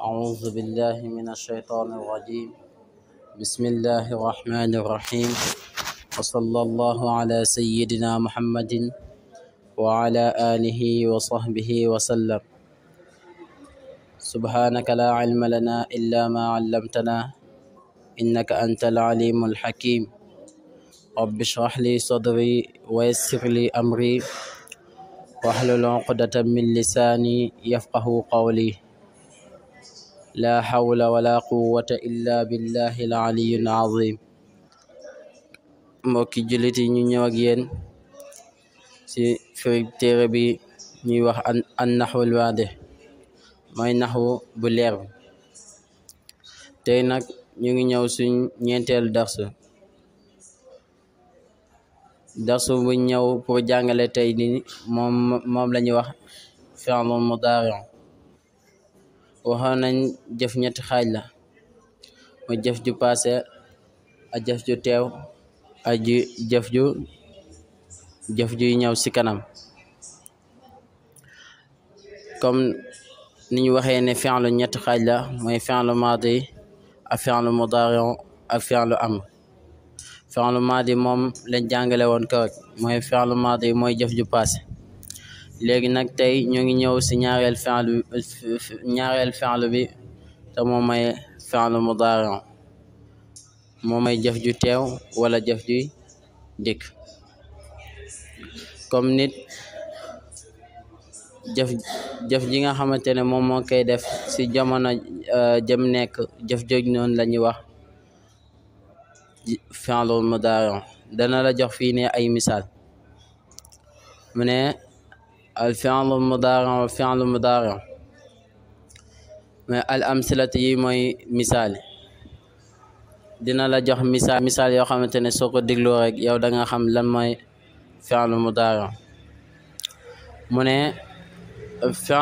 أعوذ بالله من الشيطان الرجيم بسم الله الرحمن الرحيم وصلى الله على سيدنا محمد وعلى آله وصحبه وسلم سبحانك لا علم لنا إلا ما علمتنا إنك أنت العليم الحكيم رب اشرح لي صدري ويسر لي أمري واحلل عقدة من لساني يفقه قولي laa hawla wala quwwata illa billahi al aliyyil azim mbokki jullit yi ñu ñëw ak yéen ci fi bi ñuy wax an nahwul waadih mooy naxwu bu leer tey nag ñu ngi ñëw suñ ñeenteelu darsu darsu bu ñëw pour jàngale tey ni moom moom la ñuy wax fi'lul mudaari' waxoon nañ jëf ñetti xaaj la mu jëf ju paase ak jëf ju teew ak ju jëf ju jëf juy ñëw si kanam comme ni ñu waxee ne fi'lu ñetti xaaj la mooy fi'lu maadi ak fi'lu mudaari ak fi'lu amr fi'lu maadi moom lañ jàngale woon kawaj mooy fi'lu maadi mooy jëf ju paase léegi nag tey ñoo ngi ñëw si ñaareel fi'lu ñaareel fi'lu bi te moom may mu mudaari moom may jëf ju teew wala jëf ju dikk comme nit jëf ji nga xamante ne moom moo koy def si jamono euh, jam nekk jëf joj noonu la ñuy wax fi'lu mudaari dana la jox fii ne ay misaal mu ne الفعل مضارع وفعل مضارع mais al amsilatu yi mooy misaal dina la jox misaal misaal yoo xamante ne soo ko dégloo rek yow danga xam lan mooy fi'lu mudaari mu ne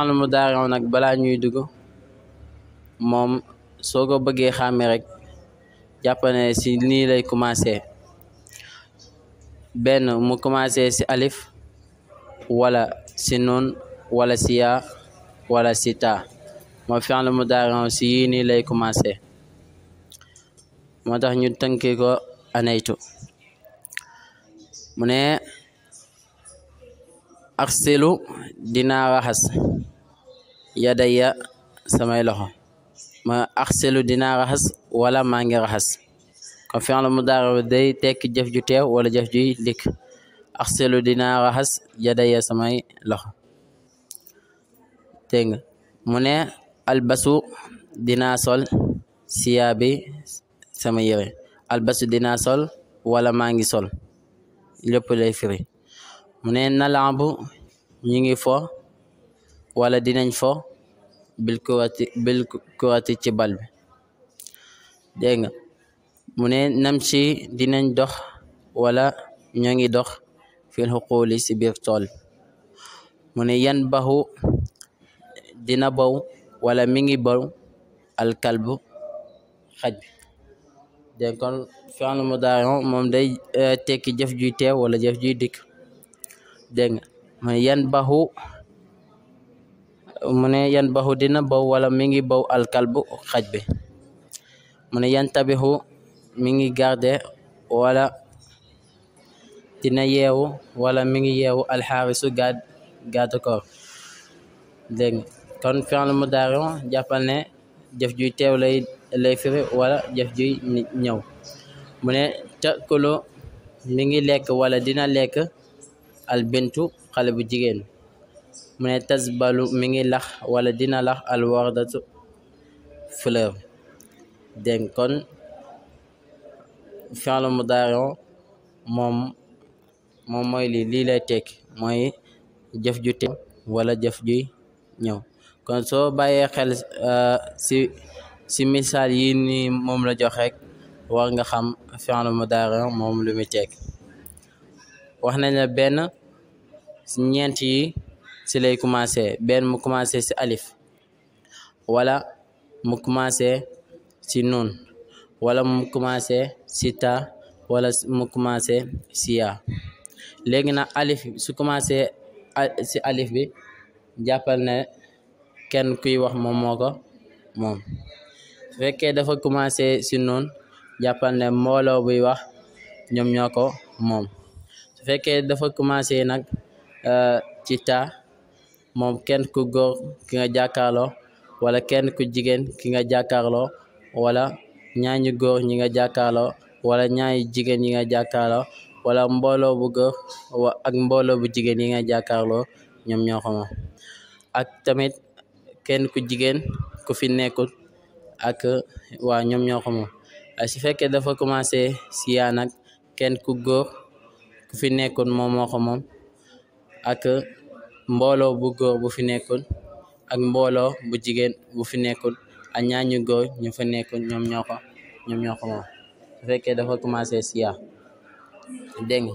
mu mudaari nag balaa ñuy dugg moom soo ko bëggee xàmme rek jàppane si nii lay commencé benn mu commencé si alif wala si nun wala si yaa wala si taa moo fi'l mudaari si yii nii lay commencé moo tax ñu tënkee ko anaytu mu ne aksilu dinaa raxas yadaya samay loxo ma aksilu dinaa raxas wala maa ngi raxas kon fi'l mudaari day tekki jëf ju teew wala jëf juy dikk axselu dinaa raxas yadaya samay loxo dégg nga mu ne albasu dinaa sol siyaabi sama yére albasu dinaa sol wala maa ngi sol lépp lay firi mu ne nalaabu ñu ngi fo wala dinañ fo bil kurati bil kurati ci bal bi dégg ne nam ci dinañ dox wala ñoo ngi dox fil xuquuli si biir tool mu ne yan baxu dina baw wala mi ngi baw alkalb xaj bi dégg kon fi'lu mudaari'un moom day eh, tekki jëf juy teew wala jëf juy dikk dégg nga yan baxu mu ne yan baxu dina baw wala mi ngi baw alkalb xaj bi mu yan tabixu mi garde wala dina yeewu wala mi ngi yeewu alxaarisu gàdd gàdd koor dégg nga kon fi'l mudaari jàppal jëf juy teew lay lay firi wala jëf juy ñëw mu ne takulu mi ngi lekk wala dina lekk al bintu xale bu jigéen mu ne tasbalu mi ngi lax wala dina lax al wardatu fleur dégg kon fi'l mudaari moom moom mooy lii lii lay tekki mooy jëf ju te wala jëf juy ñëw kon soo bàyyee xel euh, si si misaal yi ni moom la jox rek war nga xam fi'lu mudaari moom lu muy tekki wax nañ la benn ñeent yi si lay commencé benn mu commencé si alif wala mu commencé si nun wala mu commencé si ta wala mu commencé si yaa léegi nag alif su commencé si alif bi jàppal ne kenn kuy wax moom moo ko moom fekkee dafa commencé si noon jàppal ne mbooloo buy wax ñoom ñoo ko moom su fekkee dafa commencé nag euh, ci ta moom kenn ku góor ki nga wala kenn ku jigéen ki nga jàkkaarloo wala ñaañu góor ñi nga jàkkaarloo wala ñaañu jigéen ñi nga jàkkaarloo wala mbooloo bu góor ak mbooloo bu jigéen yi nga jàkkaarloo ñoom ñoo xama ak tamit kenn ku jigéen ku fi nekkul ak waa ñoom ñoo xama su fekkee dafa commencé si yaa nag kenn ku góor ku fi nekkul moom moo moom ak mbooloo bu góor bu fi nekkul ak mbooloo bu jigéen bu fi nekkul ak ñaar ñu góor ñu fa nekkul ñoom ñoo ko ñoom ñoo dafa commencé si dégg nga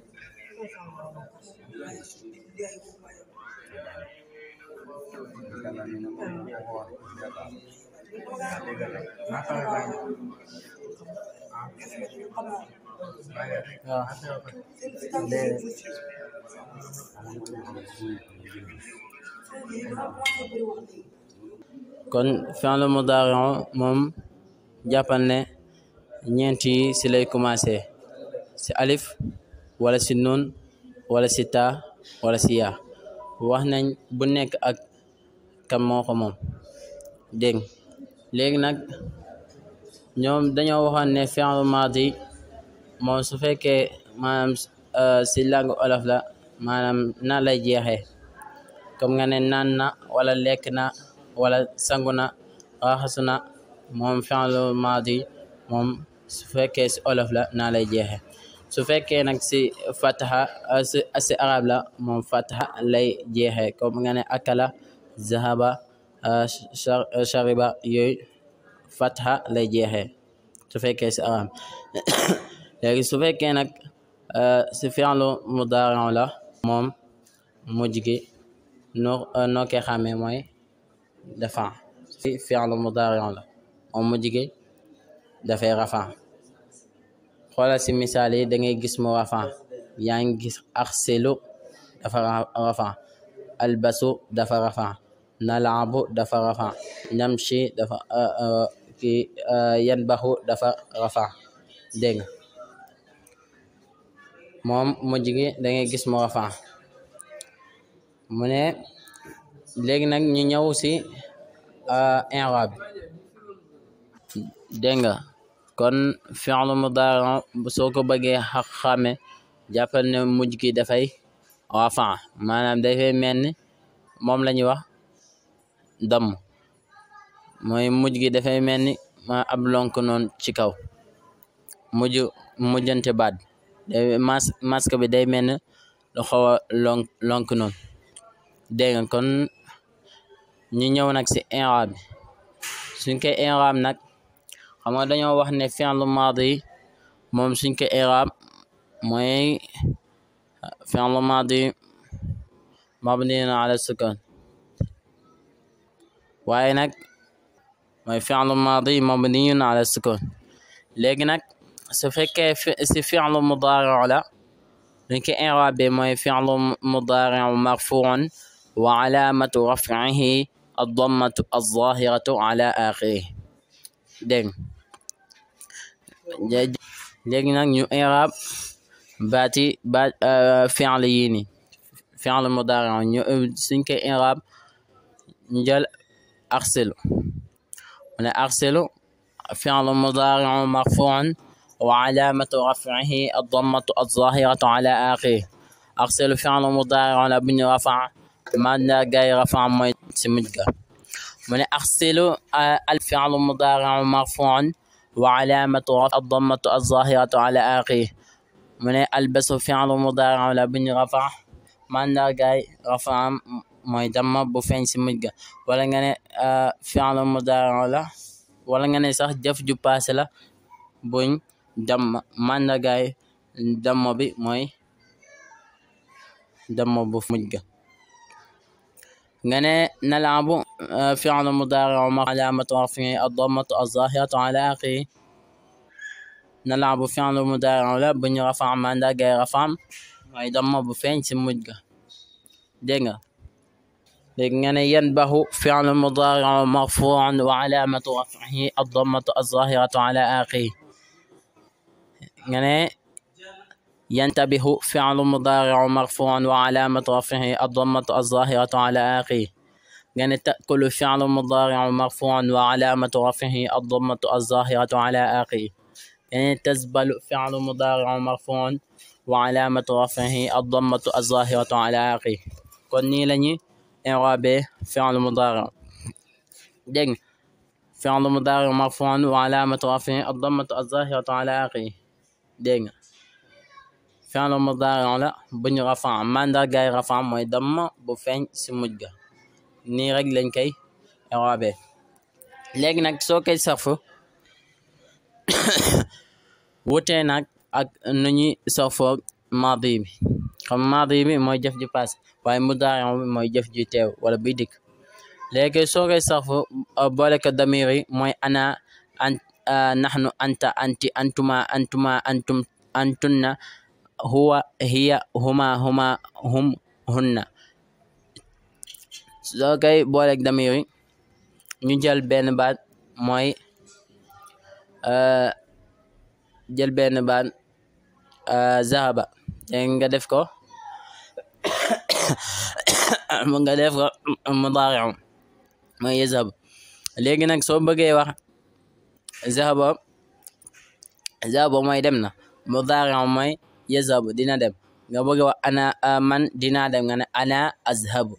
kon fi'l mudaari moom jàppal ne ñeent yi ci lay commencé ci alif wala si noon wala si taa wala si yaa wax nañ bu nekk ak kan moo moom dégg léegi nag ñoom dañoo waxoon ne fi'l maadi moom su fekkee maanaam euh, si langue olof la maanaam na lay jeexee comme nga ne naan na wala lekk na wala sangu na raxasu na moom fi'l maadi moom su fekkee si olof la na lay jeexee su fekkee nag si fataha si arab la moom fataha lay jeexee comme nga ne akala zahaba shariba yooyu fataha lay jeexe su fekkee si arab léegi su fekkee nag euh, si fi'lu mudaari'u la moom mujj gi noo noo koy xàmmee mooy dafa si fi'lu mudaari'u la moom mujj gi dafay xoolal si misaal yi da ngay gis mu rafan yaa ngi gis axselu dafa rafan albasu dafa rafan nalaabu dafa rafan namshi dafa uh, uh, ki uh, yanbaxu dafa rafan dégg moom mujj dangay da gis mu rafan mu ne léegi nag ñu ñëw si inrab dégg kon fi'lu mudaari soo ko bëggee xa xàmme jàppal ne mujj gi dafay rafan maanaam dafay mel ni moom la ñuy wax damm mooy muj gi dafay mel ni ma ab lonk noonu ci kaw mujj mujjante baat mas masque bi day mel ni lu a lonk lonk kon ñu ñëw nag si inraam bi suñ koy inraam xam nga dañoo wax ne fi'lu maadi moom suñ ko mooy fi'lu maadi mabniin ala sukoon waaye nag mooy fi'lu maadi mabniin ala sukoon léegi nag su fekkee si la dañ ko i'raab bi mooy fi'lu mudaari' marfuu'un wa alaamatu raf'ihi ad-dammatu az-zaahiratu ala aaxirihi dégg léegi nag ñu i'rab baati baat euh, fi'l yii ni fi'l mudari ñu suñ koy i'rab ñu jël arsilu mu ne arsilu fi'l mudari marfu'un wa alamatu raf'ihi ad-dammatu az-zahiratu ala akhirih arsilu fi'l mudari la bu ñu rafa man la gay rafa mooy si mujj ga mu ne arsilu euh, al fi'l mudari marfu'un wa calaamatu addammatu alzahiratu ala axiri mu ne albesu fi'lu mudaari la buñ rafa mandargaay rafaam mooy damma bu feeñ si wala nga ne fi'lu mudaari la wala nga ne sax jëf ju paase la buñ damma mandargaay bi mooy damma bu mujj nga ne nalaabu eh, fi'lu mudaari'u ma alaamatu raf'ihi ad-dammatu az-zaahiratu alaa aaxirihi nalaabu fi'lu mudaari'u la bu ñu rafa mandargay rafaam mooy damma bu feeñ si mujj ga dégg nga léegi nga ne yanbahu fi'lu mudaari'u marfuu'un wa alaamatu raf'ihi ad-dammatu az-zaahiratu alaa aaxirihi nga ne yantabihu fi'lu mudaari'un marfuu'un wa calaamatu rafcihi ad-dammatu az-zaahiratu calaa aaxirihi nga ne ta'kulu fi'lu mudaari'un marfuu'un wa calaamatu rafcihi ad-dammatu az-zaahiratu calaa aaxirihi nga ne tasbalu fi'lu mudaari'un marfuu'un wa calaamatu rafcihi ad-dammatu az-zaahiratu calaa aaxirihi kon nii la ñu i'raabe fi'lu mudaari'un dégg nga fi'lu mudaari'un marfuu'un wa calaamatu rafcihi ad-dammatu az-zaahiratu calaa aaxirihi dégg nga fi'l mudaari la bu ñu rafan mandargaay rafan mooy damma bu feeñ si mujj ga nii rek lañ koy iraabe nag soo koy sarfu wutee nag ak nu ñuy sarfoo maadi mooy jëf ji waaye mudaari mooy jëf teew wala buy dikk léegi soo koy sarfu ah, boole ko damir mooy ana ah, naxnu anta anti antuma antuma antum هو هي هما هما هم hunna soo koy booleeg dam yooyu ñu jël benn baat mooy euh, jël benn baat euh, zahaba nga def ko nga def ko mudaari'u mooy yazhab léegi nag soo bëggee wax zahaba zahaba mooy dem na mudaari'u mooy yazhabu dina dem nga bëgg wax ana man dinaa dem nga ne ana azhabu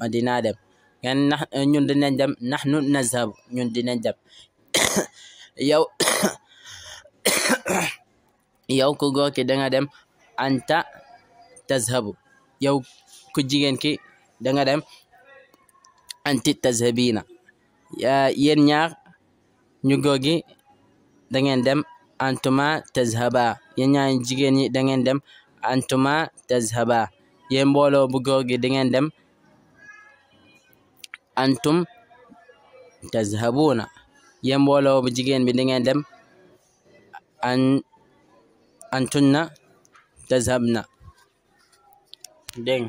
man dinaa dem nga ne nax ñun dinañ dem nahnu nazhabu ñun dina dem yow ku góor ki danga dem anta tazhabu yow ku jigéen ki danga dem anti tazhabina yéen ñaar ñu góor gi dem antuma tazhaba yéen ñaari jigéen ñi da ngeen dem antuma tazhaba yéen mbooloo bu góor gi da dem antum tazhabuna yéen mbooloo bu jigéen bi da ngeen dem an antunna tazhabna dégg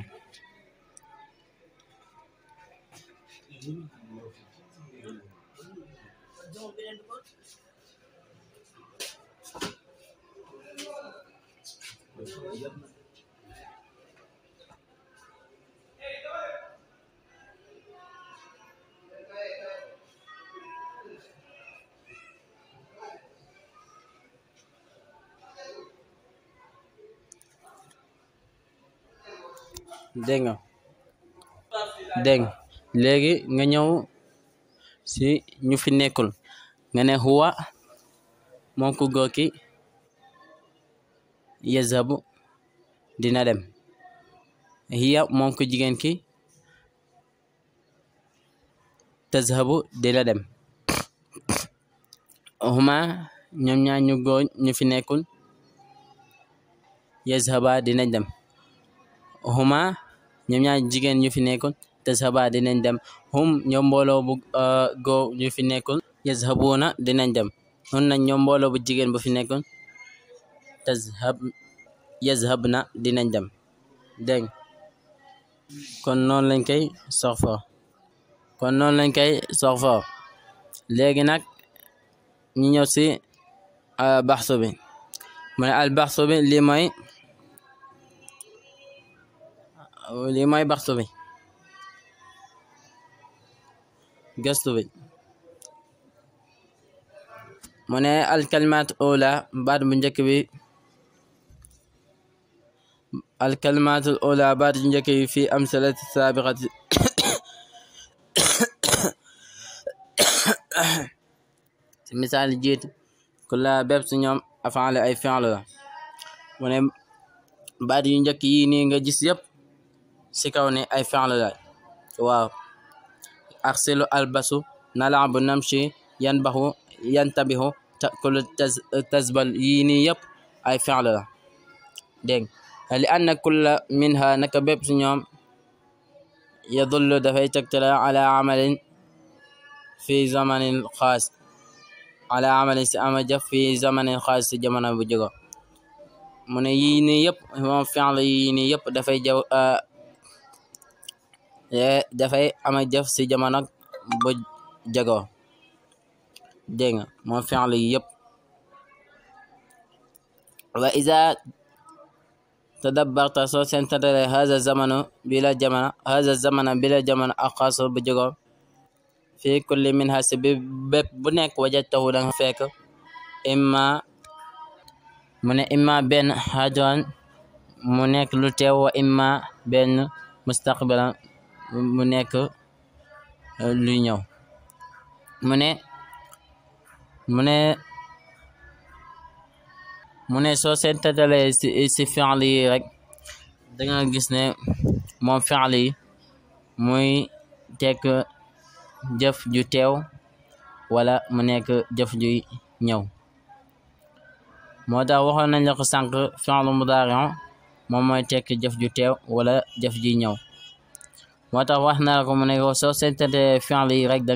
dégg nga dégg léegi nga ñëw si ñu fi nekkul nga ne huwa moom ku góor ki yezabu dina dem hiya moom jigéen ki tazhabu dina dem huma ñoom ñaar ñu góor ñu fi nekkul yazhaba dinañ dem huma ñoom ñaar jigéen ñu fi nekkul tazhaba dinañ dem hum bu uh, góor ñu fi nekkul yazhabuna dinañ dem hun na ñoom mbooloo bu jigéen bu fi nekkul yazhabna dinañ dem dégg kon noonu lañ koy soxfo kon noonu lañ koy soxfo léegi nag ñu ñëw si euh, baxsu bi mu ne al baxsu bi lii mooy lii mooy baxsu bi gëstu bi mu al kalimaat ula baat bu njëkk bi alkalimaatu al ula baat yi njëkk yi fii amsalati saabiqati si misaal jiit kulla bépp si ñoom afaale ay fi'l la mu ne baat yu njëkk yi nii nga gis yëpp si kaw ni ay fi'l la waaw arsilu albasu nalaabu namshi yanbahu yantabihu takulu tazbal yii nii yëpp ay fi'l la dégg li anna kulla minha naka bépp si ñoom yadullu dafay tegtale ala amalin fi zamanin xaas ala amalin si ama jëf fi zamanin xaas si jamono bu jógo mu ne yii nii yëpp moom fi'l yii nii yëpp dafay jaw euh, eh, dafay ama jëf si jamono bu jógo dégg nga moom fi'l yii yëpp wa iza tadabbarta soo seentantale haza zamanu bila jamana haza zamana bila jamana aqaso bu jegoo fii kulli min ha si bi bépp bu nekk wajatahu danga fekk imma mu ne imma benn hajoon mu nekk lu teew imma benn mustaqbilan mu nekk lu ñëw mu ne mu ne soo seetatalee si si fi'l yi rek da nga gis ne moom fi'l yi muy tekk jëf ju teew wala mu nekk jëf juy ñëw moo tax waxoon nañ la ko sànq fi'l mudaari'un moom mooy tekk jëf ju teew wala jëf juy ñëw moo tax wax na la ko mu ne ko soo seetatalee fi'l yi rek da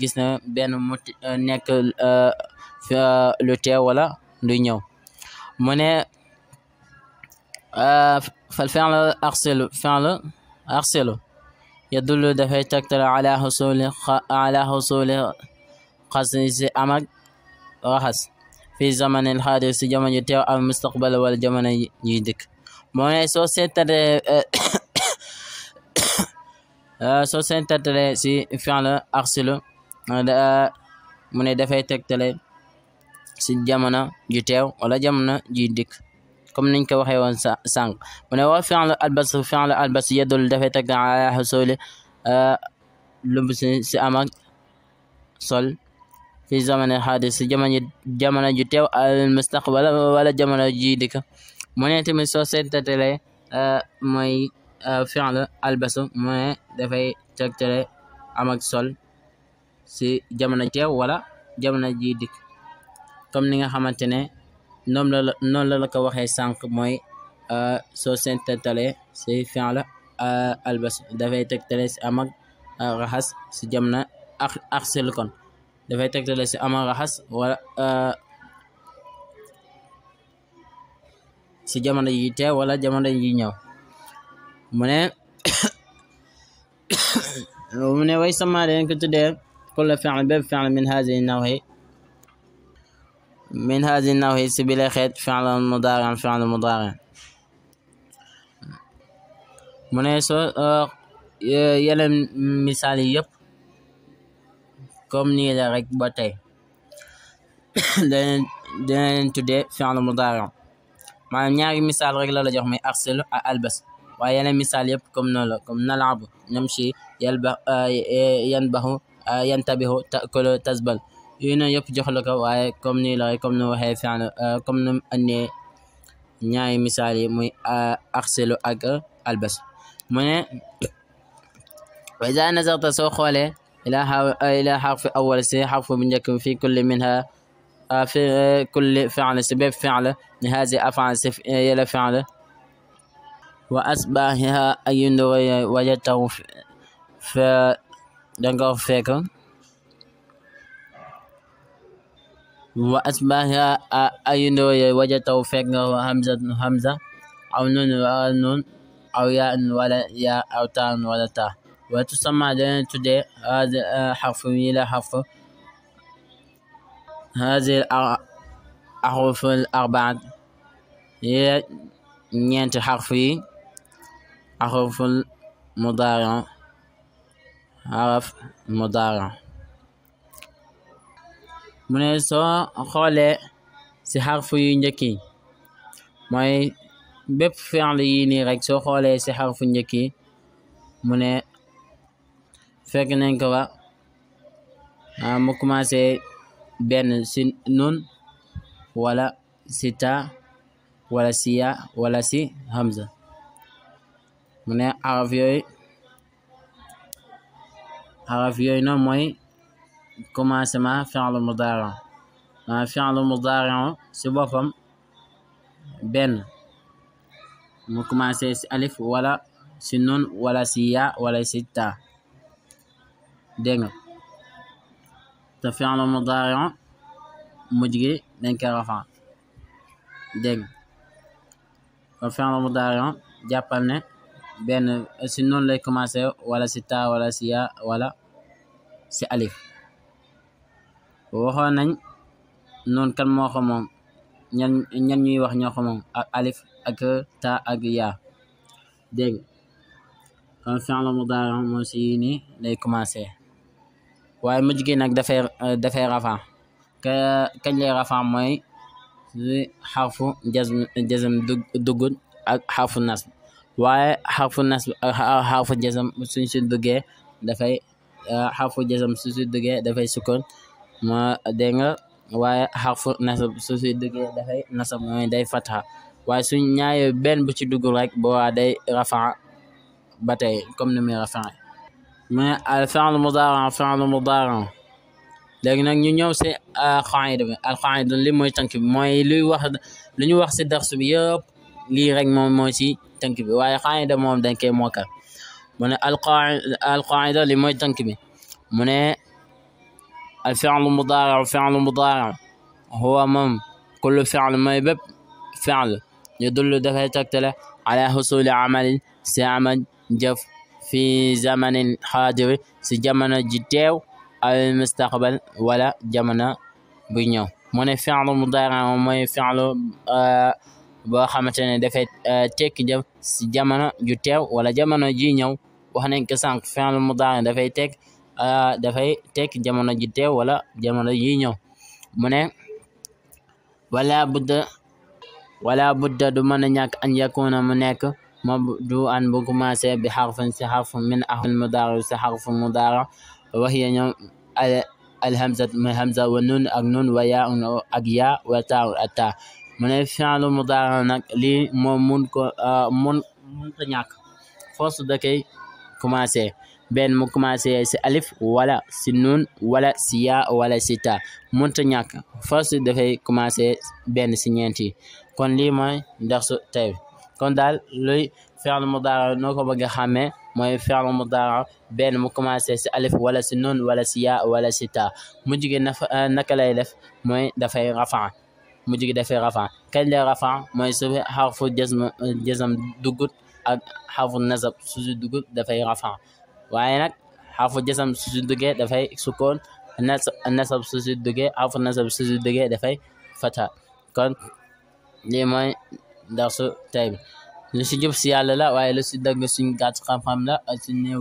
gis ne benn mu nekk euh, lu teew wala luy ñëw mu ne euh, fal fi'lu arsilu fi'lu arsilu yadullu dafay tegtale ala xusuli ala xusuli xasni si amag raxas fi zaman al xaadir si jamono ji teew al mustaqbal wala jamono yi dikk moo ne soo seetante euh, soo seetante si fi'lu arsilu euh, mu ne dafay tegtale si jamono ju teew wala jamono ju dikk comme niñ ko waxee woon sànq mu ne wa fi'lu albas fi'lu albas yadul dafay teg ala xusuli euh, lumb si si am ak sol fi zamane xaadis si jamono jamono ju teew al mustaqbal wala jamono ji dikk mu ne tamit soo seetatale euh, mooy euh, fi'lu albasu mu ne dafay tegtale am sol si jamono teew wala jamono ji dikk comme ni nga xamante ne noonu la noonu la la ko waxee sànq mooy euh, soo seetetalee si fin la euh, albas dafay tegtale si am ak euh, raxas si jam na ak ak silikon dafay tegtale si am ak raxas wala si jamono ji tee wala jamono yi ñëw mu ne mu ne way sama leen ko tuddee kulla fi'l bépp fi'l min haadihi nawahi min hadi nawi si bile xeet fi'lan mudaari'an fi'lan mudaari'an mu ne soo yeleen misaal yi yëpp comme nii la rek ba tey daneen tuddee fi'lan mudaari'an maanaam ñaari misaal rek la la jox may arsil ak albas waaye yeneen misaal yëpp comme noonu la comme nalaabu namshi yanbahu yantabihu takulu tasbal yooyu noonu yëpp jox la ko waaye comme ni la comme nu waxee fi euh, comme nu andee ñaari misaal yi muy euh, axselu ak albas mu ne wa iza nazarta soo xoolee ilaa euh, ilaa xarfi awal si xarfu bu njëkk fi kulli minha fi kulli fi'la si bépp fi'la ni haasi afaan si yëla fi'la wa asbaahiha ay yundu wajatahu fa danga fekk wa asbaha ayu ndooye waja taw fekk nga hamza hamza aw nun aw yaan wala ya aw taan wala ta wa tusamma dana tudde xarfu yi la xarfu hazi axrufu arbaat yi la ñeenti xarfu yi axrufu mudaari xaraf mudaari mu ne soo xoolee si xarfu yu njëkk yi mooy bépp fi'l yi nii rek soo xoolee si xarfu njëkk yi mu ne fekk nañ ko ba mu commencé benn si nun wala si ta wala si ya wala si hamza mu ne xaraf yooyu xaraf yooyu noonu mooy la fi'lu mudaari maanaam fi'lu mudaari si boppam benn mu commencé si alif wala si nun wala si ya wala si ta dégg nga te fi'lu mudaari mujj gi dañ koy rafa dégg nga fi'lu mudaari jàppal ne benn si nun lay commencé wala si ta wala si ya wala si alif waxoon nañ noon kan moo ñan ñuy wax ñoo ko moom ak alif ak ta ak yaa dégg kon fi'l mudari moom si ni lay commencé waaye mujj jigéen nag dafay dafay rafa ka kañ lay rafa mooy xarfu jazm jazm duggul ak xarfu nasb waaye xarfu nasb ak si duggee dafay xarfu jazm su si duggee dafay sukkoon ma dégg nga waaye xarfu nasab su si duggee dafay nasab mooy day fatha waaye suñ ñaaye benn bu ci dugg rek boobaa day rafa ba tey comme ni muy rafa mu al fi'l mudari' fi'l mudari' léegi nag ñu ñëw si alqaida euh, bi alqaida li mooy tënk bi mooy luy wax li ñu wax si dars bi yëpp lii rek moom mooy si tënk bi waaye qaida moom dañ koy mokkal mu ne alqaida li mooy tënk bi mu ne الفعل مضارع فعل مضارع هو moom كل فعل mooy bépp فعل يدل dafay tegtale على حصول عمل si amal jëf في زمن حاضر si jamono ji teew أو المستقبل wala jamono bu ñëw mu ne فعل مضارع mooy فعل boo xamante ne dafay tekki jëf si jamono ju teew wala jamono ji ñëw wax nañ ko sànq فعل مضارع dafay tekki dafay tek jamono ji teew wala jamono ji ñëw ne wala budda wala budda du mën a ñàkk an yakuna mu nekk mabdu an bu commencé bi xarfin si xarfu min axfin mudaari si xarfu mudaara ñoom alhamza muy hamza wa nun ak nun wa yaa ak yaa wa taa ak taa mun ko mun ta ñàkk force da koy benn mu commencé si alif wala si nuun wala si yaa wala si ta munta ñàkk force dafay commencé benn si ñeenti kon lii mooy darsu tey kon daal luy fi'l mudaara noo ko bëgg a xàmmee mooy fi'l mudaara benn mu commencé si alif wala si nuun wala si yaa wala si ta mujj gi nafa euh, naka lay def mooy dafay rafaa mujj gi dafay rafaa kañ lay rafaa mooy su xarfu jazm jazm ak xarfu nasab su dugut dafay rafaa waaye nag xarfu jasam su si duggee dafay sukkoon nasab su si duggee xarfu nasab su si duggee dafay fata kon lii mooy darsu tey bi lu si jub si yàlla la waaye lu si dëgg suñ gàtt xam-xam la suñ néew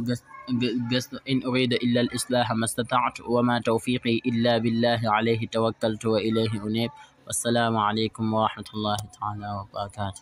gëstu in urida illa al islaaha ma stataatu wa ma tawfiqi illa billahi alayhi tawakkaltu wa ilayhi unib wassalaamu aleykum wa rahmatullahi taala wa barakatu